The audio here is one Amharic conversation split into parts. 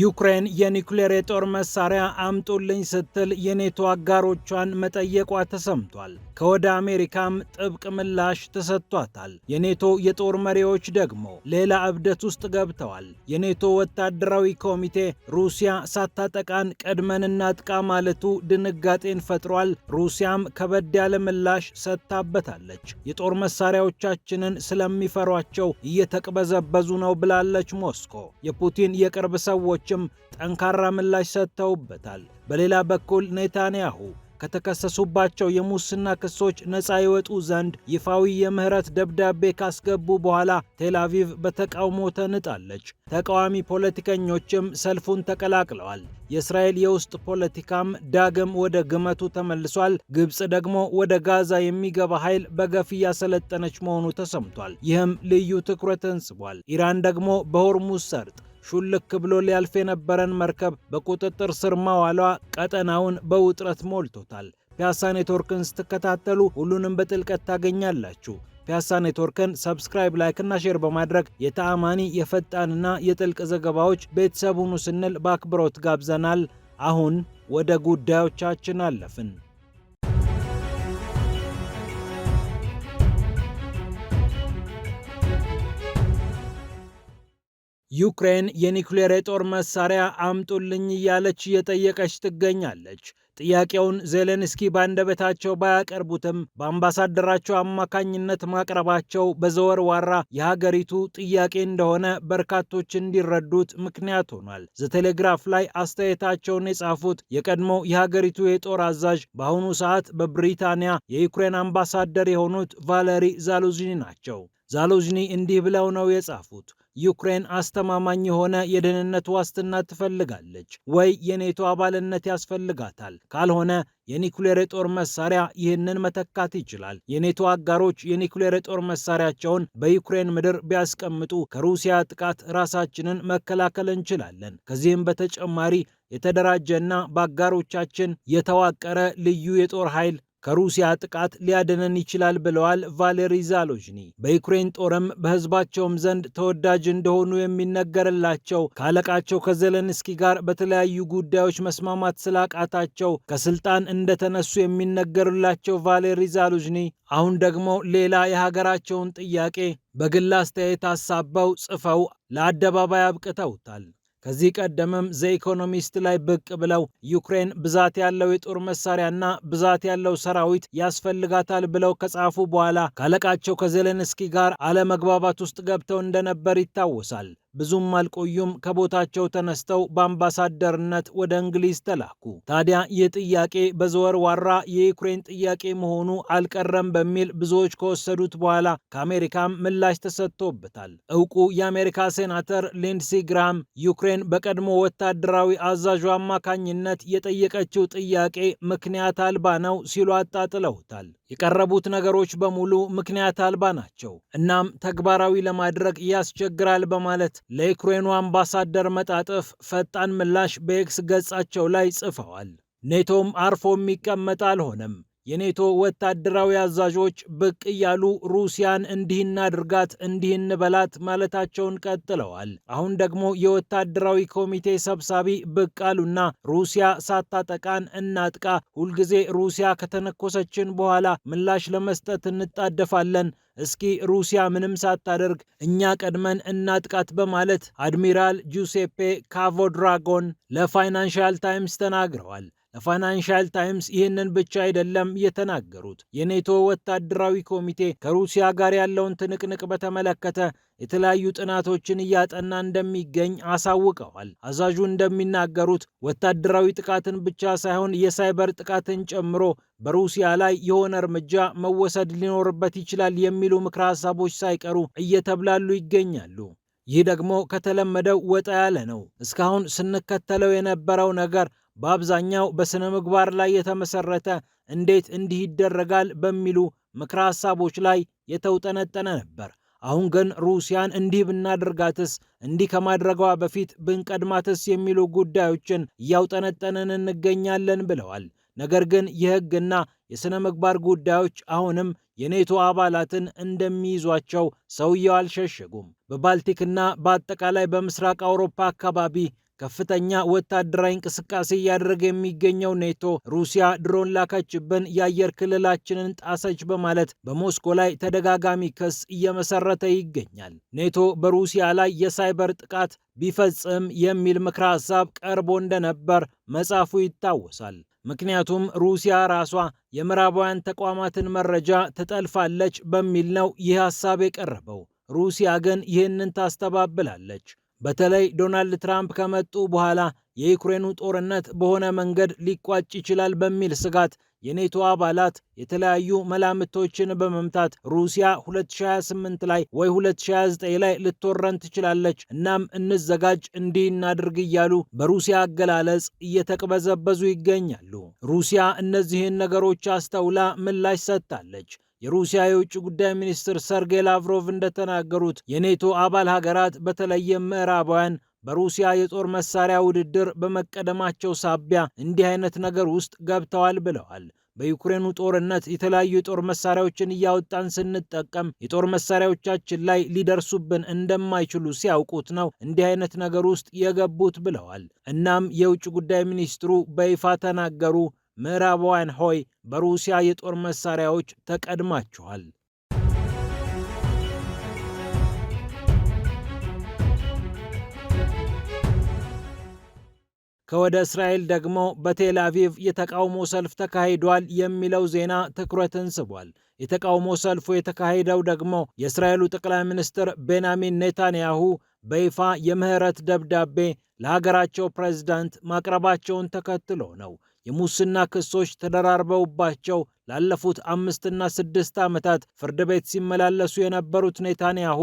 ዩክሬን የኒውክሌር የጦር መሳሪያ አምጡልኝ ስትል የኔቶ አጋሮቿን መጠየቋ ተሰምቷል። ከወደ አሜሪካም ጥብቅ ምላሽ ተሰጥቷታል። የኔቶ የጦር መሪዎች ደግሞ ሌላ እብደት ውስጥ ገብተዋል። የኔቶ ወታደራዊ ኮሚቴ ሩሲያ ሳታጠቃን ቀድመን እናጥቃ ማለቱ ድንጋጤን ፈጥሯል። ሩሲያም ከበድ ያለ ምላሽ ሰጥታበታለች። የጦር መሳሪያዎቻችንን ስለሚፈሯቸው እየተቅበዘበዙ ነው ብላለች ሞስኮ። የፑቲን የቅርብ ሰዎች ክሶችም ጠንካራ ምላሽ ሰጥተውበታል። በሌላ በኩል ኔታንያሁ ከተከሰሱባቸው የሙስና ክሶች ነፃ ይወጡ ዘንድ ይፋዊ የምህረት ደብዳቤ ካስገቡ በኋላ ቴል በተቃውሞ ተንጣለች። ተቃዋሚ ፖለቲከኞችም ሰልፉን ተቀላቅለዋል። የእስራኤል የውስጥ ፖለቲካም ዳግም ወደ ግመቱ ተመልሷል። ግብፅ ደግሞ ወደ ጋዛ የሚገባ ኃይል በገፍ እያሰለጠነች መሆኑ ተሰምቷል። ይህም ልዩ ትኩረትን ስቧል። ኢራን ደግሞ በሆርሙዝ ሰርጥ ሹልክ ብሎ ሊያልፍ የነበረን መርከብ በቁጥጥር ስር ማዋሏ ቀጠናውን በውጥረት ሞልቶታል። ፒያሳ ኔትወርክን ስትከታተሉ ሁሉንም በጥልቀት ታገኛላችሁ። ፒያሳ ኔትወርክን ሰብስክራይብ፣ ላይክ እና ሼር በማድረግ የተአማኒ የፈጣንና የጥልቅ ዘገባዎች ቤተሰብ ሁኑ ስንል በአክብሮት ጋብዘናል። አሁን ወደ ጉዳዮቻችን አለፍን። ዩክሬን የኒውክሌር የጦር መሳሪያ አምጡልኝ እያለች እየጠየቀች ትገኛለች። ጥያቄውን ዜሌንስኪ ባንደበታቸው ባያቀርቡትም በአምባሳደራቸው አማካኝነት ማቅረባቸው በዘወርዋራ የሀገሪቱ ጥያቄ እንደሆነ በርካቶች እንዲረዱት ምክንያት ሆኗል። ዘቴሌግራፍ ላይ አስተያየታቸውን የጻፉት የቀድሞ የሀገሪቱ የጦር አዛዥ በአሁኑ ሰዓት በብሪታንያ የዩክሬን አምባሳደር የሆኑት ቫለሪ ዛሉዝኒ ናቸው። ዛሉዝኒ እንዲህ ብለው ነው የጻፉት። ዩክሬን አስተማማኝ የሆነ የደህንነት ዋስትና ትፈልጋለች ወይ የኔቶ አባልነት ያስፈልጋታል ካልሆነ የኒኩሌር የጦር መሳሪያ ይህንን መተካት ይችላል። የኔቶ አጋሮች የኒኩሌር የጦር መሳሪያቸውን በዩክሬን ምድር ቢያስቀምጡ ከሩሲያ ጥቃት ራሳችንን መከላከል እንችላለን። ከዚህም በተጨማሪ የተደራጀና በአጋሮቻችን የተዋቀረ ልዩ የጦር ኃይል ከሩሲያ ጥቃት ሊያድነን ይችላል ብለዋል ቫሌሪ ዛሎዥኒ። በዩክሬን ጦርም በህዝባቸውም ዘንድ ተወዳጅ እንደሆኑ የሚነገርላቸው ካለቃቸው ከዘለንስኪ ጋር በተለያዩ ጉዳዮች መስማማት ስላቃታቸው ከስልጣን እንደተነሱ የሚነገርላቸው ቫሌሪ ዛሎዥኒ አሁን ደግሞ ሌላ የሀገራቸውን ጥያቄ በግል አስተያየት አሳበው ጽፈው ለአደባባይ አብቅተውታል። ከዚህ ቀደምም ዘኢኮኖሚስት ላይ ብቅ ብለው ዩክሬን ብዛት ያለው የጦር መሳሪያና ብዛት ያለው ሰራዊት ያስፈልጋታል ብለው ከጻፉ በኋላ ካለቃቸው ከዜሌንስኪ ጋር አለመግባባት ውስጥ ገብተው እንደነበር ይታወሳል። ብዙም አልቆዩም ከቦታቸው ተነስተው በአምባሳደርነት ወደ እንግሊዝ ተላኩ። ታዲያ ይህ ጥያቄ በዘወር ዋራ የዩክሬን ጥያቄ መሆኑ አልቀረም በሚል ብዙዎች ከወሰዱት በኋላ ከአሜሪካም ምላሽ ተሰጥቶበታል። እውቁ የአሜሪካ ሴናተር ሊንድሲ ግራም ዩክሬን በቀድሞ ወታደራዊ አዛዡ አማካኝነት የጠየቀችው ጥያቄ ምክንያት አልባ ነው ሲሉ አጣጥለውታል። የቀረቡት ነገሮች በሙሉ ምክንያት አልባ ናቸው፣ እናም ተግባራዊ ለማድረግ ያስቸግራል በማለት ለዩክሬኑ አምባሳደር መጣጥፍ ፈጣን ምላሽ በኤክስ ገጻቸው ላይ ጽፈዋል። ኔቶም አርፎ የሚቀመጥ አልሆነም። የኔቶ ወታደራዊ አዛዦች ብቅ እያሉ ሩሲያን እንዲህ እናድርጋት እንዲህ እንበላት ማለታቸውን ቀጥለዋል። አሁን ደግሞ የወታደራዊ ኮሚቴ ሰብሳቢ ብቅ አሉና ሩሲያ ሳታጠቃን እናጥቃ፣ ሁልጊዜ ሩሲያ ከተነኮሰችን በኋላ ምላሽ ለመስጠት እንጣደፋለን እስኪ ሩሲያ ምንም ሳታደርግ እኛ ቀድመን እናጥቃት በማለት አድሚራል ጁሴፔ ካቮድራጎን ለፋይናንሻል ታይምስ ተናግረዋል። ለፋይናንሻል ታይምስ ይህንን ብቻ አይደለም የተናገሩት። የኔቶ ወታደራዊ ኮሚቴ ከሩሲያ ጋር ያለውን ትንቅንቅ በተመለከተ የተለያዩ ጥናቶችን እያጠና እንደሚገኝ አሳውቀዋል። አዛዡ እንደሚናገሩት ወታደራዊ ጥቃትን ብቻ ሳይሆን የሳይበር ጥቃትን ጨምሮ በሩሲያ ላይ የሆነ እርምጃ መወሰድ ሊኖርበት ይችላል የሚሉ ምክረ ሀሳቦች ሳይቀሩ እየተብላሉ ይገኛሉ። ይህ ደግሞ ከተለመደው ወጣ ያለ ነው። እስካሁን ስንከተለው የነበረው ነገር በአብዛኛው በሥነ ምግባር ላይ የተመሠረተ እንዴት እንዲህ ይደረጋል በሚሉ ምክረ ሐሳቦች ላይ የተውጠነጠነ ነበር። አሁን ግን ሩሲያን እንዲህ ብናደርጋትስ፣ እንዲህ ከማድረጓ በፊት ብንቀድማትስ የሚሉ ጉዳዮችን እያውጠነጠንን እንገኛለን ብለዋል። ነገር ግን የሕግና የሥነ ምግባር ጉዳዮች አሁንም የኔቶ አባላትን እንደሚይዟቸው ሰውየው አልሸሸጉም። በባልቲክና በአጠቃላይ በምስራቅ አውሮፓ አካባቢ ከፍተኛ ወታደራዊ እንቅስቃሴ እያደረገ የሚገኘው ኔቶ ሩሲያ ድሮን ላከችብን፣ የአየር ክልላችንን ጣሰች በማለት በሞስኮ ላይ ተደጋጋሚ ክስ እየመሰረተ ይገኛል። ኔቶ በሩሲያ ላይ የሳይበር ጥቃት ቢፈጽም የሚል ምክረ ሀሳብ ቀርቦ እንደነበር መጻፉ ይታወሳል። ምክንያቱም ሩሲያ ራሷ የምዕራባውያን ተቋማትን መረጃ ትጠልፋለች በሚል ነው ይህ ሀሳብ የቀረበው። ሩሲያ ግን ይህንን ታስተባብላለች። በተለይ ዶናልድ ትራምፕ ከመጡ በኋላ የዩክሬኑ ጦርነት በሆነ መንገድ ሊቋጭ ይችላል በሚል ስጋት የኔቶ አባላት የተለያዩ መላምቶችን በመምታት ሩሲያ 2028 ላይ ወይ 2029 ላይ ልትወረን ትችላለች፣ እናም እንዘጋጅ፣ እንዲህ እናድርግ እያሉ በሩሲያ አገላለጽ እየተቅበዘበዙ ይገኛሉ። ሩሲያ እነዚህን ነገሮች አስተውላ ምላሽ ሰጥታለች። የሩሲያ የውጭ ጉዳይ ሚኒስትር ሰርጌይ ላቭሮቭ እንደተናገሩት የኔቶ አባል ሀገራት በተለይም ምዕራባውያን በሩሲያ የጦር መሳሪያ ውድድር በመቀደማቸው ሳቢያ እንዲህ አይነት ነገር ውስጥ ገብተዋል ብለዋል። በዩክሬኑ ጦርነት የተለያዩ የጦር መሳሪያዎችን እያወጣን ስንጠቀም የጦር መሳሪያዎቻችን ላይ ሊደርሱብን እንደማይችሉ ሲያውቁት ነው እንዲህ አይነት ነገር ውስጥ የገቡት ብለዋል። እናም የውጭ ጉዳይ ሚኒስትሩ በይፋ ተናገሩ። ምዕራባውያን ሆይ በሩሲያ የጦር መሳሪያዎች ተቀድማችኋል። ከወደ እስራኤል ደግሞ በቴል አቪቭ የተቃውሞ ሰልፍ ተካሂዷል የሚለው ዜና ትኩረትን ስቧል። የተቃውሞ ሰልፉ የተካሄደው ደግሞ የእስራኤሉ ጠቅላይ ሚኒስትር ቤንያሚን ኔታንያሁ በይፋ የምህረት ደብዳቤ ለሀገራቸው ፕሬዝዳንት ማቅረባቸውን ተከትሎ ነው። የሙስና ክሶች ተደራርበውባቸው ላለፉት አምስትና ስድስት ዓመታት ፍርድ ቤት ሲመላለሱ የነበሩት ኔታንያሁ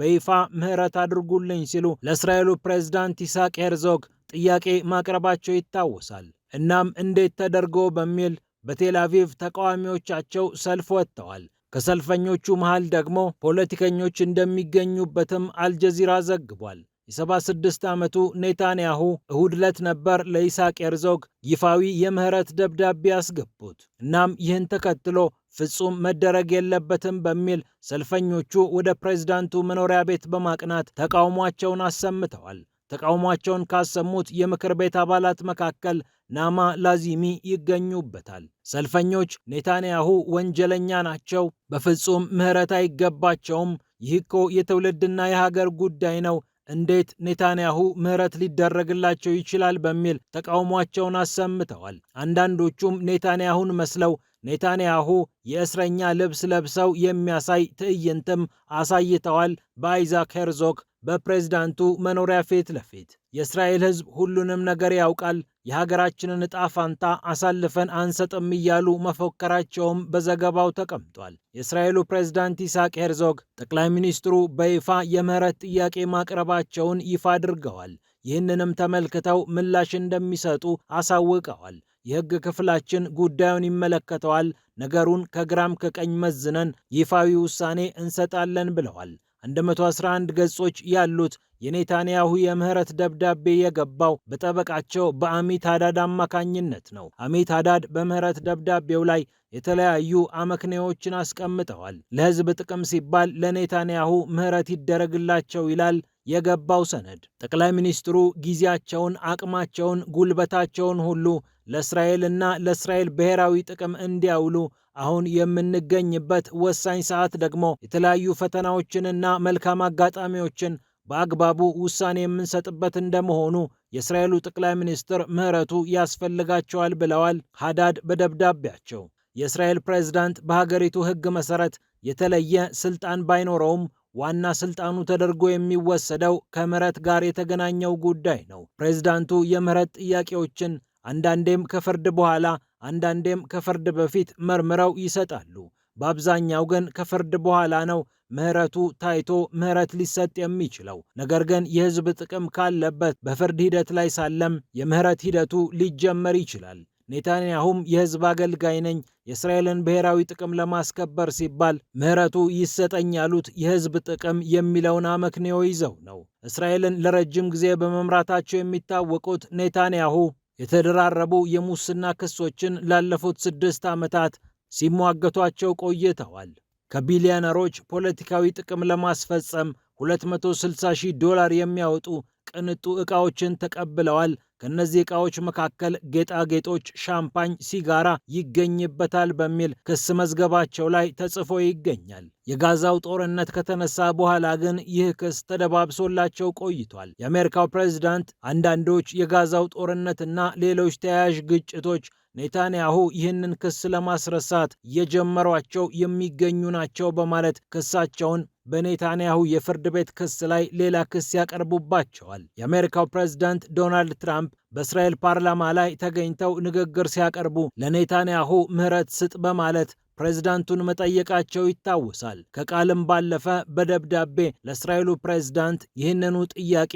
በይፋ ምህረት አድርጉልኝ ሲሉ ለእስራኤሉ ፕሬዝዳንት ይስሐቅ ሄርዞግ ጥያቄ ማቅረባቸው ይታወሳል። እናም እንዴት ተደርጎ በሚል በቴል አቪቭ ተቃዋሚዎቻቸው ሰልፍ ወጥተዋል። ከሰልፈኞቹ መሃል ደግሞ ፖለቲከኞች እንደሚገኙበትም አልጀዚራ ዘግቧል። የ76 ዓመቱ ኔታንያሁ እሁድ ዕለት ነበር ለይስሐቅ ኤርዞግ ይፋዊ የምህረት ደብዳቤ ያስገቡት። እናም ይህን ተከትሎ ፍጹም መደረግ የለበትም በሚል ሰልፈኞቹ ወደ ፕሬዝዳንቱ መኖሪያ ቤት በማቅናት ተቃውሟቸውን አሰምተዋል። ተቃውሟቸውን ካሰሙት የምክር ቤት አባላት መካከል ናማ ላዚሚ ይገኙበታል። ሰልፈኞች ኔታንያሁ ወንጀለኛ ናቸው፣ በፍጹም ምህረት አይገባቸውም፣ ይህ እኮ የትውልድና የሀገር ጉዳይ ነው እንዴት ኔታንያሁ ምህረት ሊደረግላቸው ይችላል በሚል ተቃውሟቸውን አሰምተዋል። አንዳንዶቹም ኔታንያሁን መስለው ኔታንያሁ የእስረኛ ልብስ ለብሰው የሚያሳይ ትዕይንትም አሳይተዋል። በአይዛክ ሄርዞግ በፕሬዝዳንቱ መኖሪያ ፊት ለፊት የእስራኤል ሕዝብ ሁሉንም ነገር ያውቃል፣ የሀገራችንን ዕጣ ፋንታ አሳልፈን አንሰጥም እያሉ መፎከራቸውም በዘገባው ተቀምጧል። የእስራኤሉ ፕሬዝዳንት ይስሐቅ ሄርዞግ ጠቅላይ ሚኒስትሩ በይፋ የምህረት ጥያቄ ማቅረባቸውን ይፋ አድርገዋል። ይህንንም ተመልክተው ምላሽ እንደሚሰጡ አሳውቀዋል። የሕግ ክፍላችን ጉዳዩን ይመለከተዋል፣ ነገሩን ከግራም ከቀኝ መዝነን ይፋዊ ውሳኔ እንሰጣለን ብለዋል። 111 ገጾች ያሉት የኔታንያሁ የምህረት ደብዳቤ የገባው በጠበቃቸው በአሚት አዳድ አማካኝነት ነው። አሚት አዳድ በምህረት ደብዳቤው ላይ የተለያዩ አመክንዮዎችን አስቀምጠዋል። ለህዝብ ጥቅም ሲባል ለኔታንያሁ ምህረት ይደረግላቸው ይላል የገባው ሰነድ። ጠቅላይ ሚኒስትሩ ጊዜያቸውን፣ አቅማቸውን፣ ጉልበታቸውን ሁሉ ለእስራኤልና ለእስራኤል ብሔራዊ ጥቅም እንዲያውሉ አሁን የምንገኝበት ወሳኝ ሰዓት ደግሞ የተለያዩ ፈተናዎችንና መልካም አጋጣሚዎችን በአግባቡ ውሳኔ የምንሰጥበት እንደመሆኑ የእስራኤሉ ጠቅላይ ሚኒስትር ምህረቱ ያስፈልጋቸዋል ብለዋል ሃዳድ በደብዳቤያቸው። የእስራኤል ፕሬዝዳንት በሀገሪቱ ሕግ መሰረት የተለየ ስልጣን ባይኖረውም ዋና ስልጣኑ ተደርጎ የሚወሰደው ከምህረት ጋር የተገናኘው ጉዳይ ነው። ፕሬዝዳንቱ የምህረት ጥያቄዎችን አንዳንዴም ከፍርድ በኋላ አንዳንዴም ከፍርድ በፊት መርምረው ይሰጣሉ። በአብዛኛው ግን ከፍርድ በኋላ ነው ምህረቱ ታይቶ ምህረት ሊሰጥ የሚችለው። ነገር ግን የህዝብ ጥቅም ካለበት በፍርድ ሂደት ላይ ሳለም የምህረት ሂደቱ ሊጀመር ይችላል። ኔታንያሁም የህዝብ አገልጋይ ነኝ፣ የእስራኤልን ብሔራዊ ጥቅም ለማስከበር ሲባል ምህረቱ ይሰጠኝ ያሉት የህዝብ ጥቅም የሚለውን አመክንዮ ይዘው ነው። እስራኤልን ለረጅም ጊዜ በመምራታቸው የሚታወቁት ኔታንያሁ የተደራረቡ የሙስና ክሶችን ላለፉት ስድስት ዓመታት ሲሟገቷቸው ቆይተዋል። ከቢሊዮነሮች ፖለቲካዊ ጥቅም ለማስፈጸም 260 ሺህ ዶላር የሚያወጡ ቅንጡ ዕቃዎችን ተቀብለዋል ከእነዚህ ዕቃዎች መካከል ጌጣጌጦች፣ ሻምፓኝ፣ ሲጋራ ይገኝበታል በሚል ክስ መዝገባቸው ላይ ተጽፎ ይገኛል። የጋዛው ጦርነት ከተነሳ በኋላ ግን ይህ ክስ ተደባብሶላቸው ቆይቷል። የአሜሪካው ፕሬዝዳንት አንዳንዶች የጋዛው ጦርነትና ሌሎች ተያያዥ ግጭቶች ኔታንያሁ ይህንን ክስ ለማስረሳት እየጀመሯቸው የሚገኙ ናቸው በማለት ክሳቸውን በኔታንያሁ የፍርድ ቤት ክስ ላይ ሌላ ክስ ያቀርቡባቸዋል። የአሜሪካው ፕሬዝዳንት ዶናልድ ትራምፕ ትራምፕ በእስራኤል ፓርላማ ላይ ተገኝተው ንግግር ሲያቀርቡ ለኔታንያሁ ምህረት ስጥ በማለት ፕሬዝዳንቱን መጠየቃቸው ይታወሳል። ከቃልም ባለፈ በደብዳቤ ለእስራኤሉ ፕሬዝዳንት ይህንኑ ጥያቄ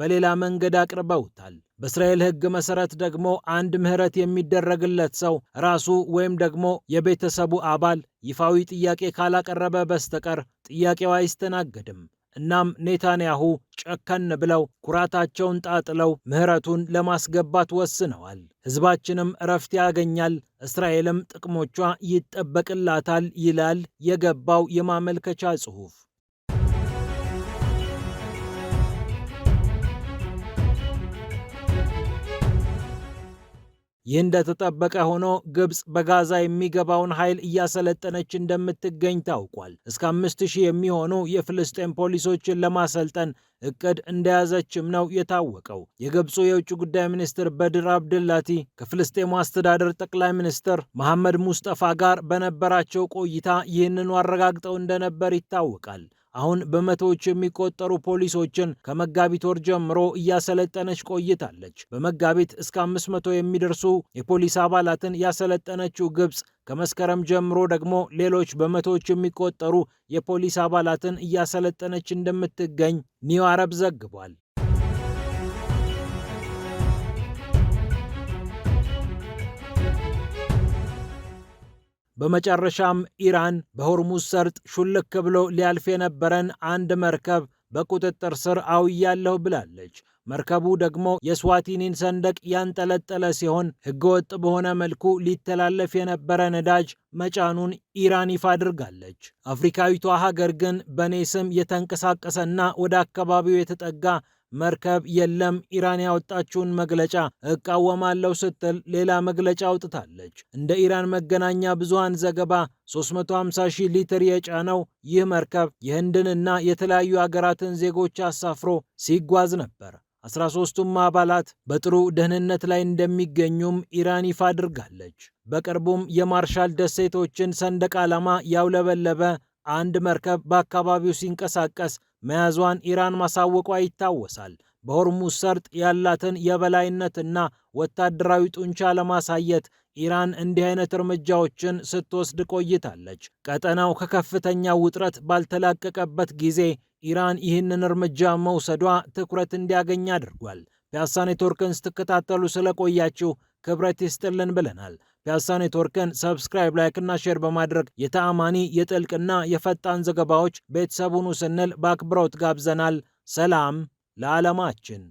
በሌላ መንገድ አቅርበውታል። በእስራኤል ሕግ መሠረት ደግሞ አንድ ምህረት የሚደረግለት ሰው ራሱ ወይም ደግሞ የቤተሰቡ አባል ይፋዊ ጥያቄ ካላቀረበ በስተቀር ጥያቄው አይስተናገድም። እናም ኔታንያሁ ጨከን ብለው ኩራታቸውን ጣጥለው ምህረቱን ለማስገባት ወስነዋል። ህዝባችንም እረፍት ያገኛል፣ እስራኤልም ጥቅሞቿ ይጠበቅላታል ይላል የገባው የማመልከቻ ጽሑፍ። ይህ እንደተጠበቀ ሆኖ ግብፅ በጋዛ የሚገባውን ኃይል እያሰለጠነች እንደምትገኝ ታውቋል። እስከ አምስት ሺህ የሚሆኑ የፍልስጤን ፖሊሶችን ለማሰልጠን እቅድ እንደያዘችም ነው የታወቀው። የግብፁ የውጭ ጉዳይ ሚኒስትር በድር አብድላቲ ከፍልስጤሙ አስተዳደር ጠቅላይ ሚኒስትር መሐመድ ሙስጠፋ ጋር በነበራቸው ቆይታ ይህንኑ አረጋግጠው እንደነበር ይታወቃል። አሁን በመቶዎች የሚቆጠሩ ፖሊሶችን ከመጋቢት ወር ጀምሮ እያሰለጠነች ቆይታለች። በመጋቢት እስከ 500 የሚደርሱ የፖሊስ አባላትን ያሰለጠነችው ግብፅ ከመስከረም ጀምሮ ደግሞ ሌሎች በመቶዎች የሚቆጠሩ የፖሊስ አባላትን እያሰለጠነች እንደምትገኝ ኒው አረብ ዘግቧል። በመጨረሻም ኢራን በሆርሙዝ ሰርጥ ሹልክ ብሎ ሊያልፍ የነበረን አንድ መርከብ በቁጥጥር ስር አውያለሁ ብላለች። መርከቡ ደግሞ የስዋቲኒን ሰንደቅ ያንጠለጠለ ሲሆን ሕገወጥ በሆነ መልኩ ሊተላለፍ የነበረ ነዳጅ መጫኑን ኢራን ይፋ አድርጋለች። አፍሪካዊቷ ሀገር ግን በእኔ ስም የተንቀሳቀሰና ወደ አካባቢው የተጠጋ መርከብ የለም ኢራን ያወጣችውን መግለጫ እቃወማለሁ ስትል ሌላ መግለጫ አውጥታለች። እንደ ኢራን መገናኛ ብዙሃን ዘገባ 350 ሺህ ሊትር የጫነው ይህ መርከብ የህንድንና የተለያዩ አገራትን ዜጎች አሳፍሮ ሲጓዝ ነበር። 13ቱም አባላት በጥሩ ደህንነት ላይ እንደሚገኙም ኢራን ይፋ አድርጋለች። በቅርቡም የማርሻል ደሴቶችን ሰንደቅ ዓላማ ያውለበለበ አንድ መርከብ በአካባቢው ሲንቀሳቀስ መያዟን ኢራን ማሳወቋ ይታወሳል። በሆርሙዝ ሰርጥ ያላትን የበላይነትና ወታደራዊ ጡንቻ ለማሳየት ኢራን እንዲህ አይነት እርምጃዎችን ስትወስድ ቆይታለች። ቀጠናው ከከፍተኛ ውጥረት ባልተላቀቀበት ጊዜ ኢራን ይህንን እርምጃ መውሰዷ ትኩረት እንዲያገኝ አድርጓል። ፒያሳ ኔትወርክን ስትከታተሉ ስለቆያችሁ ክብረት ይስጥልን ብለናል። ፒያሳ ኔትወርክን ሰብስክራይብ፣ ላይክና ሼር በማድረግ የተአማኒ የጥልቅና የፈጣን ዘገባዎች ቤተሰቡን ስንል በአክብሮት ጋብዘናል። ሰላም ለዓለማችን።